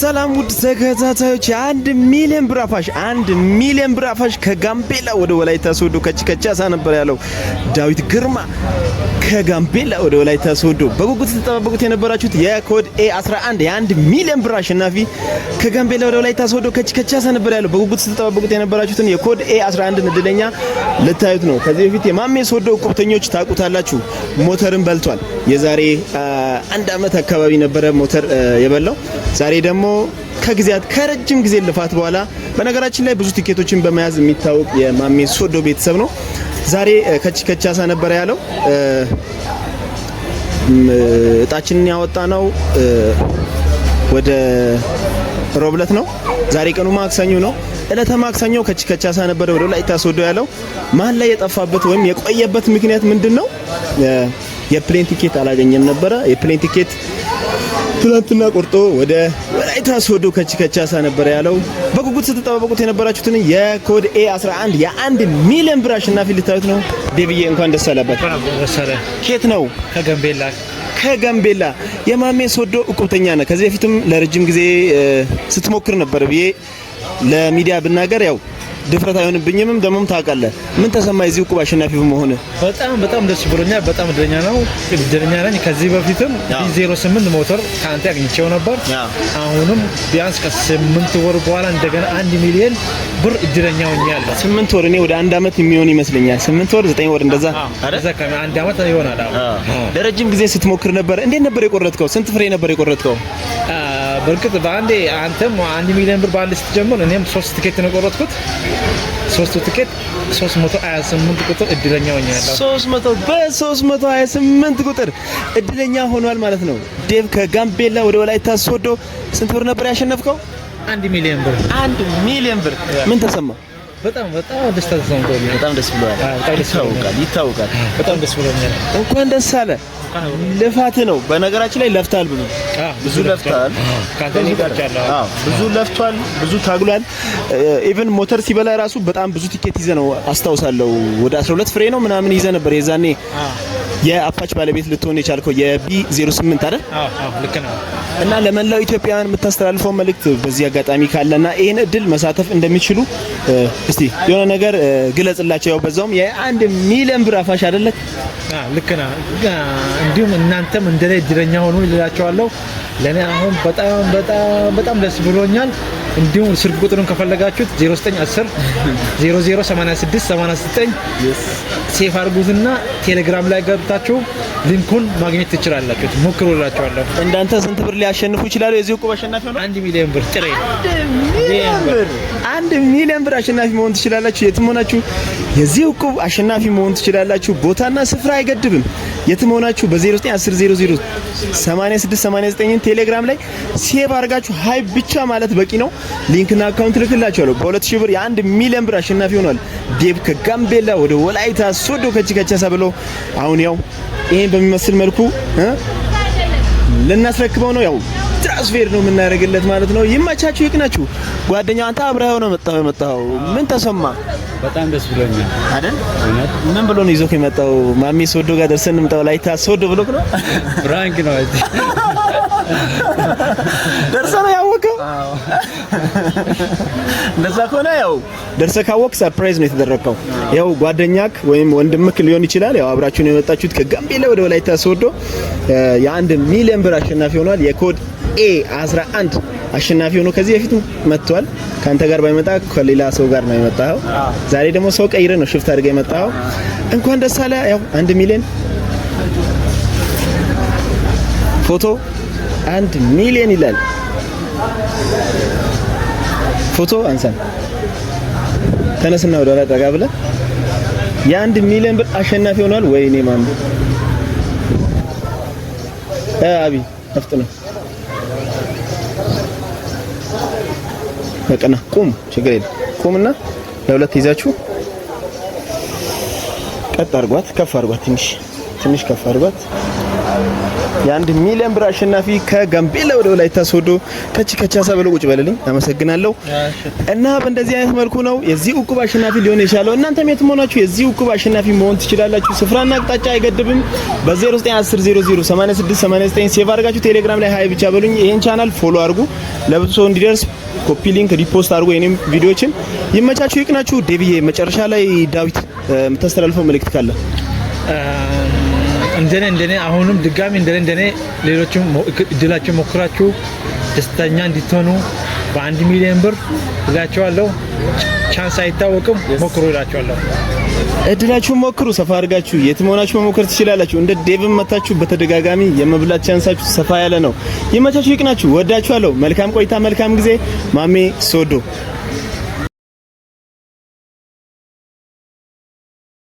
ሰላም ውድ ተከታታዮች፣ የአንድ ሚሊዮን ብር አፋሽ አንድ ሚሊዮን ብር አፋሽ ከጋምቤላ ወደ ወላይታ ሶዶ ከች ከቻሳ ነበር ያለው ዳዊት ግርማ ከጋምቤላ ወደ ወላይታ ሶዶ። በጉጉት ተጠባበቁት የነበራችሁት የኮድ ኤ 11 የአንድ ሚሊዮን ብር አሸናፊ ከጋምቤላ ወደ ወላይታ ሶዶ ከች ከቻሳ ነበር ያለው። በጉጉት ተጠባበቁት የነበራችሁትን የኮድ ኤ 11 እድለኛ ልታዩት ነው። ከዚህ በፊት የማሜ ሶዶ ቁብተኞች ታውቁታላችሁ። ሞተርን በልቷል። የዛሬ አንድ አመት አካባቢ ነበረ ሞተር የበላው ዛሬ ደግሞ ከጊዜያት ከረጅም ጊዜ ልፋት በኋላ በነገራችን ላይ ብዙ ቲኬቶችን በመያዝ የሚታወቅ የማሜ ሶዶ ቤተሰብ ነው። ዛሬ ከቺ ከቻሳ ነበር ያለው እጣችንን ያወጣ ነው ወደ ሮብለት ነው። ዛሬ ቀኑ ማክሰኞ ነው። እለተ ማክሰኞ ከቺ ከቻሳ ነበር ወደ ወላይታ ሶዶ ያለው። መሀል ላይ የጠፋበት ወይም የቆየበት ምክንያት ምንድን ነው? የፕሌን ቲኬት አላገኘም ነበረ። የፕሌን ቲኬት ትላንትና ቆርጦ ወደ ወላይታ ሶዶ ከች ከቻሳ ነበር ያለው። በጉጉት ስትጠባበቁት የነበራችሁትን የኮድ ኤ 11 የአንድ ሚሊዮን ብር አሸናፊ ልታዩት ነው። ዴብዬ እንኳን ደስ አለበት። ኬት ነው? ከገምቤላ ከጋምቤላ የማሜ ሶዶ እቁብተኛ ነህ። ከዚህ በፊትም ለረጅም ጊዜ ስትሞክር ነበር ብዬ ለሚዲያ ብናገር ያው ድፍረት አይሆንብኝምም። ደግሞም ታውቃለህ ምን ተሰማ የዚህ ዕቁብ አሸናፊ መሆን? በጣም በጣም ደስ ብሎኛል። በጣም እድለኛ ነው እድለኛ ነኝ። ከዚህ በፊትም ቢ08 ሞተር ከአንተ አግኝቼው ነበር። አሁንም ቢያንስ ከስምንት ወር በኋላ እንደገና አንድ ሚሊዮን ብር እድለኛ ሆኛለሁ። ስምንት ወር እኔ ወደ አንድ አመት የሚሆን ይመስለኛል። ስምንት ወር ዘጠኝ ወር እንደዛ አንድ አመት ይሆናል። ለረጅም ጊዜ ስትሞክር ነበር። እንዴት ነበር የቆረጥከው? ስንት ፍሬ ነበር የቆረጥከው? በእርግጥ በአንዴ አንተም አንድ ሚሊዮን ብር በአንድ ስትጀምር እኔም ሶስት ትኬት ነው ቆረጥኩት። ሶስቱ ትኬት 328 ቁጥር እድለኛ ሆኛለሁ። 300 በ328 ቁጥር እድለኛ ሆኗል ማለት ነው። ዴቭ ከጋምቤላ ወደ ወላይታ ሶዶ ስንት ብር ነበር ያሸነፍከው? አንድ ሚሊዮን ብር። አንድ ሚሊዮን ብር ምን ተሰማ? በጣም በጣም ደስታ ተሰምቶኛል። በጣም ደስ ብሎኛል። ይታወቃል ይታወቃል። በጣም ደስ ብሎኛል። እንኳን ደስ አለ። ልፋት ነው በነገራችን ላይ ለፍታል፣ ብዙ ብዙ ለፍታል፣ ብዙ ለፍቷል፣ ብዙ ታግሏል። ኢቭን ሞተር ሲበላ ራሱ በጣም ብዙ ቲኬት ይዘ ነው አስታውሳለሁ። ወደ 12 ፍሬ ነው ምናምን ይዘ ነበር የዛኔ የአፓች ባለቤት ልትሆን የቻልከው የቢ 08 አይደል? አዎ ልክ ነው። እና ለመላው ኢትዮጵያውያን የምታስተላልፈው መልእክት በዚህ አጋጣሚ ካለና ይህን እድል መሳተፍ እንደሚችሉ እስቲ የሆነ ነገር ግለጽላቸው። ያው በዛውም የአንድ ሚሊዮን ብር አፋሽ አይደለክ? ልክ ነው። እንዲሁም እናንተም እንደላይ እድለኛ ሆኑ እላቸዋለሁ። ለእኔ አሁን በጣም በጣም በጣም ደስ ብሎኛል። እንዲሁም ስልክ ቁጥሩን ከፈለጋችሁት 0910 008689 ሴፍ አድርጉትና ቴሌግራም ላይ ገብታችሁ ሊንኩን ማግኘት ትችላላችሁ። ሞክሩላችኋለሁ። እንዳንተ ስንት ብር ሊያሸንፉ ይችላሉ? የዚህ ዕቁብ አሸናፊ ሆነ አንድ ሚሊዮን ብር ጥሬ አንድ ሚሊዮን ብር አሸናፊ መሆን ትችላላችሁ። የትም ሆናችሁ የዚህ ዕቁብ አሸናፊ መሆን ትችላላችሁ። ቦታና ስፍራ አይገድብም። የትም ሆናችሁ በ0910 8689 ቴሌግራም ላይ ሴቭ አድርጋችሁ ሀይ ብቻ ማለት በቂ ነው። ሊንክና አካውንት ልክላችኋለሁ። በ2000 ብር የአንድ ሚሊዮን ብር አሸናፊ ሆኗል። ዴብ ከጋምቤላ ወደ ወላይታ ሶዶ ከቺካቻሳ ብሎ አሁን ያው ይሄን በሚመስል መልኩ ልናስረክበው ነው ያው ትራንስፌር ነው የምናደርግለት ማለት ነው። ይመቻችሁ፣ ይቅናችሁ። ጓደኛ አንተ አብረኸው ነው መጣው የመጣው ምን ተሰማ? በጣም ደስ ብሎኛል አይደል? ምን ብሎ ነው ይዞህ የመጣው? ማሚ ሶዶ ጋር ደርሰን እንምጣው ላይታ ሶዶ ብሎ ነው ፍራንክ ነው አይደል? ደርሰህ ነው ያወቀው። እንደዛ ከሆነ ያው ደርሰ ካወቅ ሰርፕራይዝ ነው የተደረገው። ያው ጓደኛክ ወይም ወንድምክ ሊሆን ይችላል። ያው አብራችሁ ነው የመጣችሁት ከጋምቤላ ወደ ወላይታ ሶዶ የአንድ ሚሊዮን ብር አሸናፊ ሆኗል። የኮድ ኤ 11 አሸናፊ ሆኖ ከዚህ በፊት መጥቷል። ካንተ ጋር ባይመጣ ከሌላ ሰው ጋር ነው የመጣው። ዛሬ ደግሞ ሰው ቀይረ ነው ሽፍት አድርገ የመጣው። እንኳን ደስ አለ። ያው አንድ ሚሊዮን ፎቶ አንድ ሚሊዮን ይላል። ፎቶ አንሳን ተነስና ወደ ኋላ ጠጋ ብለህ የአንድ ሚሊዮን ብር አሸናፊ ሆኗል። ወይኔ ማን አቢ አፍጥነው በቀና ቁም፣ ችግር የለም ቁምና ለሁለት ይዛችሁ ቀጥ አድርጓት፣ ከፍ አድርጓት፣ ትንሽ ትንሽ ከፍ አድርጓት። የአንድ ሚሊዮን ብር አሸናፊ ከጋምቤላ ወደ ወላይታ ሶዶ ከቺ ከቻ ብሎ ቁጭ በለልኝ። አመሰግናለሁ። እና በእንደዚህ አይነት መልኩ ነው የዚህ እቁብ አሸናፊ ሊሆን የቻለው። እናንተም የት መሆናችሁ የዚህ እቁብ አሸናፊ መሆን ትችላላችሁ። ስፍራና አቅጣጫ አይገድብም። በ0910008689 ሴቭ አድርጋችሁ ቴሌግራም ላይ ሀይ ብቻ በሉኝ። ይሄን ቻናል ፎሎ አድርጉ፣ ለብዙ ሰው እንዲደርስ ኮፒ ሊንክ ሪፖስት አድርጉ የኔም ቪዲዮችን ይመቻችሁ፣ ይቅናችሁ። ዴቪዬ መጨረሻ ላይ ዳዊት የምታስተላልፈው መልእክት ካለ እንደኔ እንደኔ አሁንም ድጋሚ እንደኔ እንደኔ ሌሎችም እድላችሁ ሞክራችሁ ደስተኛ እንዲትሆኑ በአንድ ሚሊዮን ብር እላቸዋለሁ። ቻንስ አይታወቅም፣ ሞክሩ እላቸዋለሁ። እድላችሁን ሞክሩ፣ ሰፋ አድርጋችሁ የት መሆናችሁ መሞከር ትችላላችሁ። እንደ ዴቭን መታችሁ በተደጋጋሚ የመብላት ቻንሳችሁ ሰፋ ያለ ነው። ይመቻችሁ፣ ይቅናችሁ። ወዳችኋለሁ። መልካም ቆይታ፣ መልካም ጊዜ። ማሜ ሶዶ